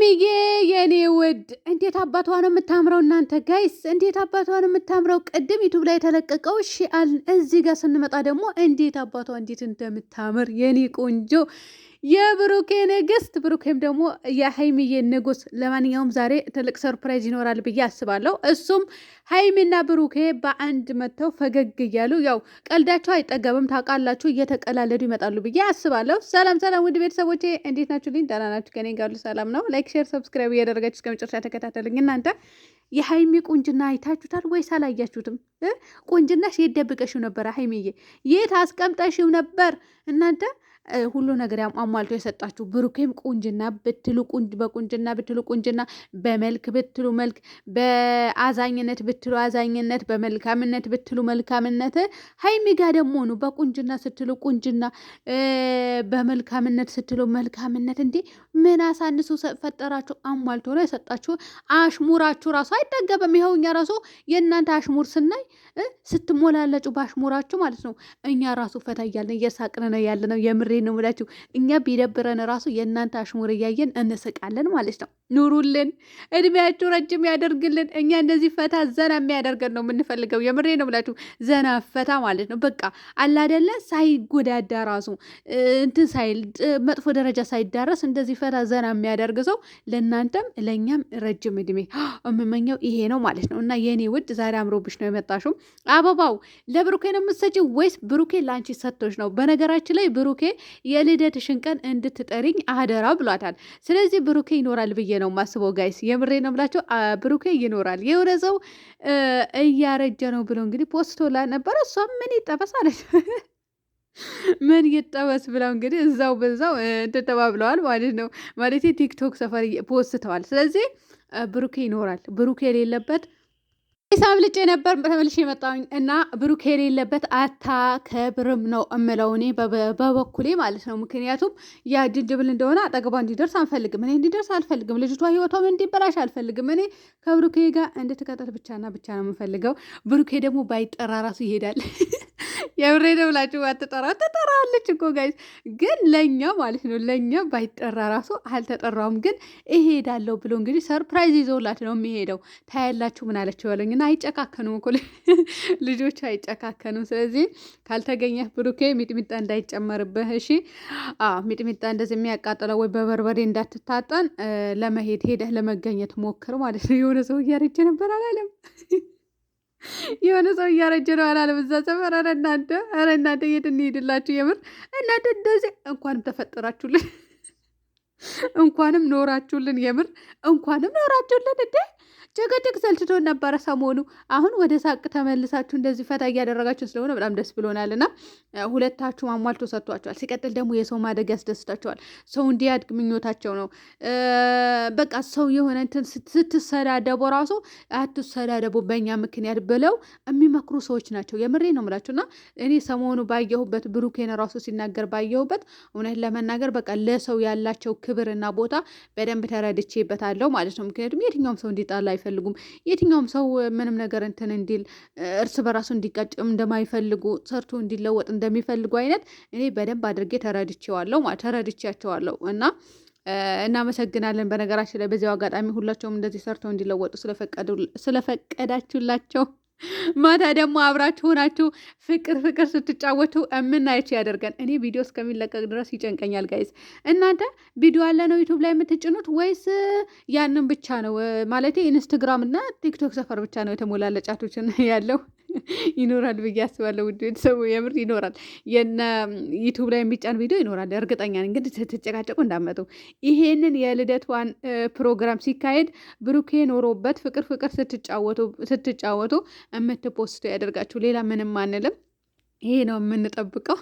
ሚጌ የኔ ውድ እንዴት አባቷ ነው የምታምረው! እናንተ ጋይስ እንዴት አባቷ ነው የምታምረው! ቅድም ዩቱብ ላይ የተለቀቀው ሺአል፣ እዚህ ጋር ስንመጣ ደግሞ እንዴት አባቷ እንዴት እንደምታምር የኔ ቆንጆ የብሩኬ ንግስት ብሩኬም ደግሞ የሀይሚዬ ንጉስ። ለማንኛውም ዛሬ ትልቅ ሰርፕራይዝ ይኖራል ብዬ አስባለሁ። እሱም ሀይሚና ብሩኬ በአንድ መጥተው ፈገግ እያሉ ያው ቀልዳቸው አይጠገብም ታውቃላችሁ፣ እየተቀላለዱ ይመጣሉ ብዬ አስባለሁ። ሰላም ሰላም፣ ውድ ቤተሰቦቼ እንዴት ናችሁ? ልኝ ደህና ናችሁ? ከኔ ጋር ሰላም ነው። ላይክ፣ ሼር፣ ሰብስክራይብ እያደረጋችሁ እስከ መጨረሻ ተከታተልኝ። እናንተ የሀይሚ ቁንጅና አይታችሁታል ወይስ አላያችሁትም? ቁንጅናሽ የት ደብቀሽው ነበረ? ሀይሚዬ የት አስቀምጠሽው ነበር እናንተ ሁሉ ነገር አሟልቶ የሰጣችሁ ብሩኬም ቁንጅና ብትሉ በቁንጅና ብትሉ ቁንጅና፣ በመልክ ብትሉ መልክ፣ በአዛኝነት ብትሉ አዛኝነት፣ በመልካምነት ብትሉ መልካምነት። ሀይሚ ጋ ደግሞ ነው በቁንጅና ስትሉ ቁንጅና፣ በመልካምነት ስትሉ መልካምነት። እንዴ ምን አሳንሱ ፈጠራችሁ? አሟልቶ ነው የሰጣችሁ። አሽሙራችሁ ራሱ አይጠገብም። ይኸው እኛ ራሱ የእናንተ አሽሙር ስናይ ስትሞላለጩ በአሽሙራችሁ ማለት ነው እኛ ራሱ ፈታ እያልን እየሳቅን ነው ያለ ነው የምሬ ነው የምላችሁ። እኛ ቢደብረን ራሱ የእናንተ አሽሙር እያየን እንስቃለን ማለት ነው። ኑሩልን፣ እድሜያችሁ ረጅም ያደርግልን። እኛ እንደዚህ ፈታ ዘና የሚያደርገን ነው የምንፈልገው። የምሬ ነው የምላችሁ፣ ዘና ፈታ ማለት ነው። በቃ አላደለ ሳይጎዳዳ ራሱ እንትን ሳይል መጥፎ ደረጃ ሳይዳረስ እንደዚህ ፈታ ዘና የሚያደርግ ሰው ለእናንተም ለእኛም ረጅም እድሜ የምመኘው ይሄ ነው ማለት ነው። እና የእኔ ውድ ዛሬ አምሮብሽ ነው የመጣሽው። አበባው ለብሩኬ ነው የምትሰጪው ወይስ ብሩኬ ለአንቺ ሰጥቶሽ ነው? በነገራችን ላይ ብሩኬ የልደትሽን ቀን እንድትጠሪኝ አደራ ብሏታል። ስለዚህ ብሩኬ ይኖራል ብዬ ነው ማስበው። ጋይስ የምሬ ነው ብላቸው ብሩኬ ይኖራል። የሆነ ሰው እያረጀ ነው ብሎ እንግዲህ ፖስቶላ ነበረ። እሷም ምን ይጠበስ አለች ምን ይጠበስ ብለው እንግዲህ እዛው በዛው ተተባብለዋል ማለት ነው። ማለት ቲክቶክ ሰፈር ፖስትተዋል። ስለዚህ ብሩኬ ይኖራል ብሩኬ የሌለበት አዲስ አብልጬ ነበር ተመልሼ የመጣሁኝ እና ብሩክ የሌለበት አታከብርም ነው እምለው እኔ በበኩሌ ማለት ነው። ምክንያቱም ያ ድንድብል እንደሆነ አጠገቧ እንዲደርስ አንፈልግም፣ እኔ እንዲደርስ አልፈልግም፣ ልጅቷ ህይወቷም እንዲበላሽ አልፈልግም። እኔ ከብሩኬ ጋር እንድትቀጥል ብቻና ብቻ ነው የምፈልገው። ብሩኬ ደግሞ ባይጠራ ራሱ ይሄዳል። የምሬ ብላችሁ አትጠራ ትጠራለች እኮ ጋይስ። ግን ለእኛ ማለት ነው ለእኛ ባይጠራ ራሱ አልተጠራውም፣ ግን እሄዳለሁ ብሎ እንግዲህ ሰርፕራይዝ ይዞላት ነው የሚሄደው። ታያላችሁ ምን አለችው ያለኝ እና አይጨካከኑም እኮ ልጆቹ አይጨካከኑም። ስለዚህ ካልተገኘህ ብሩኬ ሚጥሚጣ እንዳይጨመርብህ እሺ። ሚጥሚጣ እንደዚህ የሚያቃጥለው ወይ በበርበሬ እንዳትታጠን ለመሄድ ሄደህ ለመገኘት ሞክር ማለት ነው። የሆነ ሰው እያረጀ ነበር አላለም የሆነ ሰው እያረጀ ነው አላለም እዛ ሰፈር። ኧረ እናንተ ኧረ እናንተ የት እንሄድላችሁ? የምር እናንተ እንደዚህ እንኳንም ተፈጠራችሁልን፣ እንኳንም ኖራችሁልን፣ የምር እንኳንም ኖራችሁልን እንዴ ጭቅጭቅ ሰልችቶን ነበረ ሰሞኑ። አሁን ወደ ሳቅ ተመልሳችሁ እንደዚህ ፈታ እያደረጋችሁ ስለሆነ በጣም ደስ ብሎናል እና ሁለታችሁም አሟልቶ ሰጥቷቸዋል። ሲቀጥል ደግሞ የሰው ማደግ ያስደስታቸዋል። ሰው እንዲያድግ ምኞታቸው ነው። በቃ ሰው የሆነ ስትሰዳደቡ ራሱ አትሰዳደቡ በእኛ ምክንያት ብለው የሚመክሩ ሰዎች ናቸው። የምሬ ነው የምላችሁና እኔ ሰሞኑ ባየሁበት ብሩኬን ራሱ ሲናገር ባየሁበት እውነት ለመናገር በቃ ለሰው ያላቸው ክብርና ቦታ በደንብ ተረድቼበታለሁ ማለት ነው። ምክንያቱም የትኛውም ሰው እንዲጣላ እንደማይፈልጉም የትኛውም ሰው ምንም ነገር እንትን እንዲል እርስ በራሱ እንዲቀጭም እንደማይፈልጉ ሰርቶ እንዲለወጥ እንደሚፈልጉ አይነት እኔ በደንብ አድርጌ ተረድቼዋለሁ ተረድቻቸዋለሁ እና እናመሰግናለን። በነገራችን ላይ በዚያው አጋጣሚ ሁላቸውም እንደዚህ ሰርተው እንዲለወጡ ስለፈቀዳችሁላቸው ማታ ደግሞ አብራችሁ ሆናችሁ ፍቅር ፍቅር ስትጫወቱ የምናየች ያደርገን። እኔ ቪዲዮ እስከሚለቀቅ ድረስ ይጨንቀኛል ጋይዝ። እናንተ ቪዲዮ አለ ነው ዩቱብ ላይ የምትጭኑት ወይስ ያንን ብቻ ነው? ማለት ኢንስትግራም እና ቲክቶክ ሰፈር ብቻ ነው የተሞላለጫቶችን ያለው ይኖራል ብዬ አስባለሁ። ውድ ቤተሰቡ የምር ይኖራል። የነ ዩቱብ ላይ የሚጫን ቪዲዮ ይኖራል፣ እርግጠኛ ነኝ። እንግዲህ ስትጨቃጨቁ እንዳመጡ ይሄንን የልደቷን ፕሮግራም ሲካሄድ ብሩኬ ኖሮበት ፍቅር ፍቅር ስትጫወቱ የምትፖስቱ ያደርጋችሁ። ሌላ ምንም አንልም። ይሄ ነው የምንጠብቀው።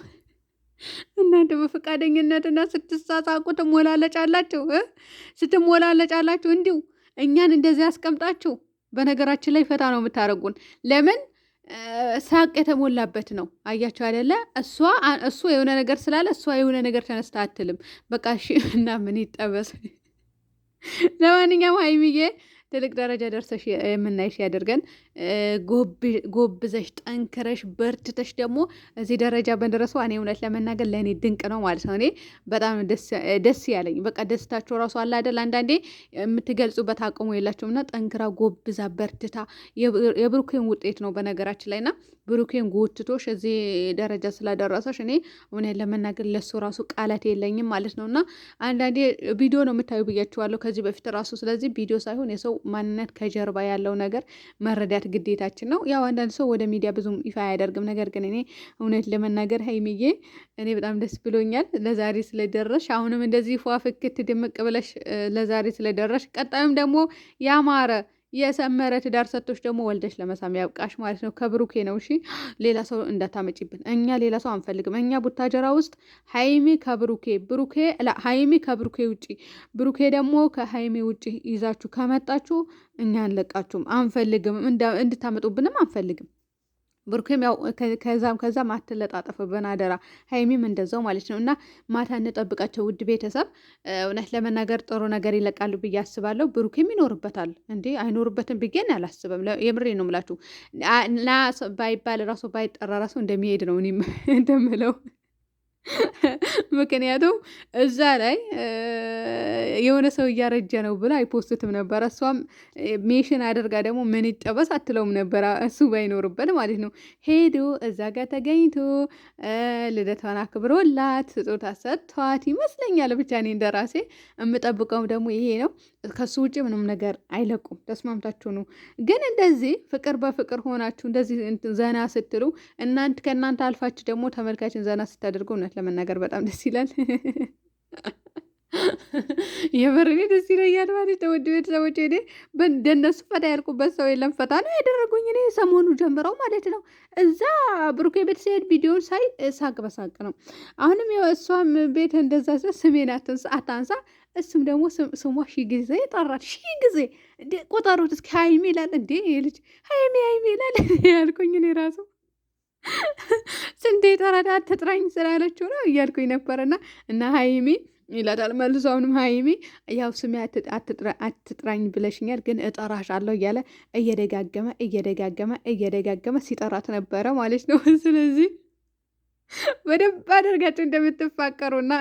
እናንተ በፈቃደኝነትና ስትሳሳቁ ትሞላለጫላችሁ፣ ስትሞላለጫላችሁ እንዲሁ እኛን እንደዚህ አስቀምጣችሁ በነገራችን ላይ ፈታ ነው የምታደርጉን ለምን ሳቅ የተሞላበት ነው። አያቸው አይደለ? እሷ እሱ የሆነ ነገር ስላለ እሷ የሆነ ነገር ተነስታ አትልም። በቃ እሺ እና ምን ይጠበስ። ለማንኛውም ሀይሚዬ ትልቅ ደረጃ ደርሰሽ የምናይሽ ያደርገን። ጎብዘሽ፣ ጠንክረሽ፣ በርትተሽ ደግሞ እዚህ ደረጃ በደረሰው እኔ እውነት ለመናገር ለእኔ ድንቅ ነው ማለት ነው። እኔ በጣም ደስ ያለኝ በቃ ደስታቸው ራሱ አለ አይደል አንዳንዴ የምትገልጹበት አቅሙ የላቸውም። እና ጠንክራ ጎብዛ በርትታ የብሩኬን ውጤት ነው በነገራችን ላይ እና ብሩኬን ጎትቶሽ እዚህ ደረጃ ስላደረሰሽ እኔ እውነት ለመናገር ለሱ ራሱ ቃላት የለኝም ማለት ነው። እና አንዳንዴ ቪዲዮ ነው የምታዩ ብያችኋለሁ ከዚህ በፊት ራሱ ስለዚህ ቪዲዮ ሳይሆን የሰው ማንነት ከጀርባ ያለው ነገር መረዳት ግዴታችን ነው። ያው አንዳንድ ሰው ወደ ሚዲያ ብዙም ይፋ አያደርግም። ነገር ግን እኔ እውነት ለመናገር ሀይሚዬ እኔ በጣም ደስ ብሎኛል ለዛሬ ስለደረሽ። አሁንም እንደዚህ ፏፍክት ድምቅ ብለሽ ለዛሬ ስለደረሽ ቀጣዩም ደግሞ ያማረ የሰመረ ትዳር ሰቶች ደግሞ ወልደሽ ለመሳም ያብቃሽ ማለት ነው። ከብሩኬ ነው። እሺ ሌላ ሰው እንዳታመጪብን። እኛ ሌላ ሰው አንፈልግም። እኛ ቡታጀራ ውስጥ ሀይሚ ከብሩኬ ብሩኬ ሀይሚ ከብሩኬ ውጪ ብሩኬ ደግሞ ከሀይሚ ውጪ ይዛችሁ ከመጣችሁ እኛ አንለቃችሁም፣ አንፈልግም። እንድታመጡብንም አንፈልግም። ብሩኬም ያው ከዛም ከዛም አትለጣጠፍብን አደራ፣ ሀይሚም እንደዛው ማለት ነው። እና ማታ እንጠብቃቸው ውድ ቤተሰብ። እውነት ለመናገር ጥሩ ነገር ይለቃሉ ብዬ አስባለሁ። ብሩኬም ይኖርበታል እንዴ አይኖርበትም ብዬ አላስብም። የምሬ ነው የምላችሁ። ና ባይባል ራሱ ባይጠራ ራሱ እንደሚሄድ ነው እኔም እንደምለው ምክንያቱም እዛ ላይ የሆነ ሰው እያረጀ ነው ብላ አይፖስትትም ነበር። እሷም ሜሽን አድርጋ ደግሞ ምን ይጠበስ አትለውም ነበር፣ እሱ ባይኖርበት ማለት ነው። ሄዶ እዛ ጋር ተገኝቶ ልደቷን አክብሮላት ስጦታ ሰጥቷት ይመስለኛል። ብቻ እኔ እንደራሴ የምጠብቀው ደግሞ ይሄ ነው። ከሱ ውጭ ምንም ነገር አይለቁም። ተስማምታችሁ ነው። ግን እንደዚህ ፍቅር በፍቅር ሆናችሁ እንደዚህ ዘና ስትሉ እናንት ከእናንተ አልፋችሁ ደግሞ ተመልካችን ዘና ስታደርጉ እውነት ለመናገር በጣም ደስ ይላል። የበር ደስ ይለኛል ማለት ነው። ውድ ቤተሰቦች እኔ እንደነሱ ፈታ ያልኩበት ሰው የለም። ፈታ ነው ያደረጉኝ እኔ ሰሞኑ ጀምረው ማለት ነው። እዛ ብሩኬ ቤት ስሄድ ቪዲዮን ሳይ ሳቅ በሳቅ ነው። አሁንም እሷም ቤት እንደዛ ሰ ስሜን አታንሳ። እሱም ደግሞ ስሟ ሺ ጊዜ ጠራት። ሺ ጊዜ ቁጠሩት እስኪ ሀይሜ ይላል እንዴ ልጅ ሀይሜ ሀይሜ ይላል ያልኩኝ እኔ ራሱ ስንዴ ጠራዳ አትጥራኝ ስላለችው ነው እያልኩኝ ነበረና እና ሀይሜ ይላታል መልሶ አሁንም ሀይሚ ያው ስሜ አትጥራኝ ብለሽኛል ግን እጠራሻለሁ እያለ እየደጋገመ እየደጋገመ እየደጋገመ ሲጠራት ነበረ ማለት ነው። ስለዚህ በደንብ አደርጋቸው እንደምትፋቀሩና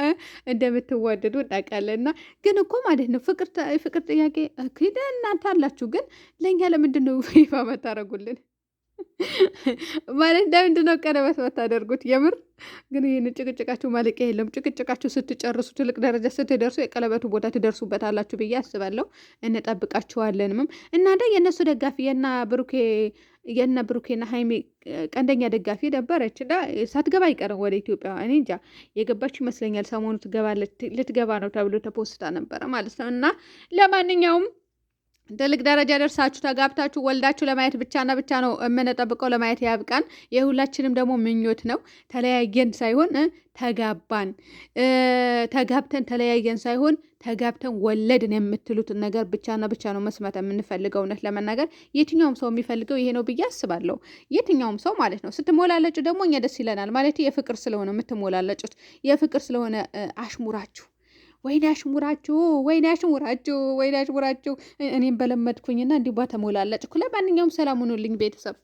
እንደምትዋደዱ እናውቃለንና ግን እኮ ማለት ነው ፍቅር ጥያቄ ክደ እናንተ አላችሁ፣ ግን ለእኛ ለምንድን ነው ይፋ መታረጉልን? ማለት ለምንድን ነው ቀለበት የምታደርጉት? የምር ግን ይህን ጭቅጭቃችሁ ማለቂያ የለም። ጭቅጭቃችሁ ስትጨርሱ ትልቅ ደረጃ ስትደርሱ የቀለበቱ ቦታ ትደርሱበታላችሁ ብዬ አስባለሁ። እንጠብቃችኋለንም። እናንተ የእነሱ ደጋፊ የና ብሩኬ የና ብሩኬና ሀይሜ ቀንደኛ ደጋፊ ነበረች እና ሳትገባ አይቀርም ወደ ኢትዮጵያ። እኔ እንጃ የገባች ይመስለኛል። ሰሞኑ ትገባ ልትገባ ነው ተብሎ ተፖስታ ነበረ ማለት ነው እና ለማንኛውም ትልቅ ደረጃ ደርሳችሁ ተጋብታችሁ ወልዳችሁ ለማየት ብቻና ብቻ ነው የምንጠብቀው። ለማየት ያብቃን፣ የሁላችንም ደግሞ ምኞት ነው። ተለያየን ሳይሆን ተጋባን፣ ተጋብተን ተለያየን ሳይሆን ተጋብተን ወለድን የምትሉትን ነገር ብቻና ብቻ ነው መስማት የምንፈልገው። እውነት ለመናገር የትኛውም ሰው የሚፈልገው ይሄ ነው ብዬ አስባለሁ። የትኛውም ሰው ማለት ነው። ስትሞላለጩ ደግሞ እኛ ደስ ይለናል ማለት የፍቅር ስለሆነ የምትሞላለጩት የፍቅር ስለሆነ አሽሙራችሁ ወይኔ አሽሙራችሁ፣ ወይኔ አሽሙራችሁ፣ ወይኔ አሽሙራችሁ። እኔም በለመድኩኝና እንዲህ ቧ ተሞላለጭ። ለማንኛውም ሰላም ሁኑልኝ ቤተሰብ።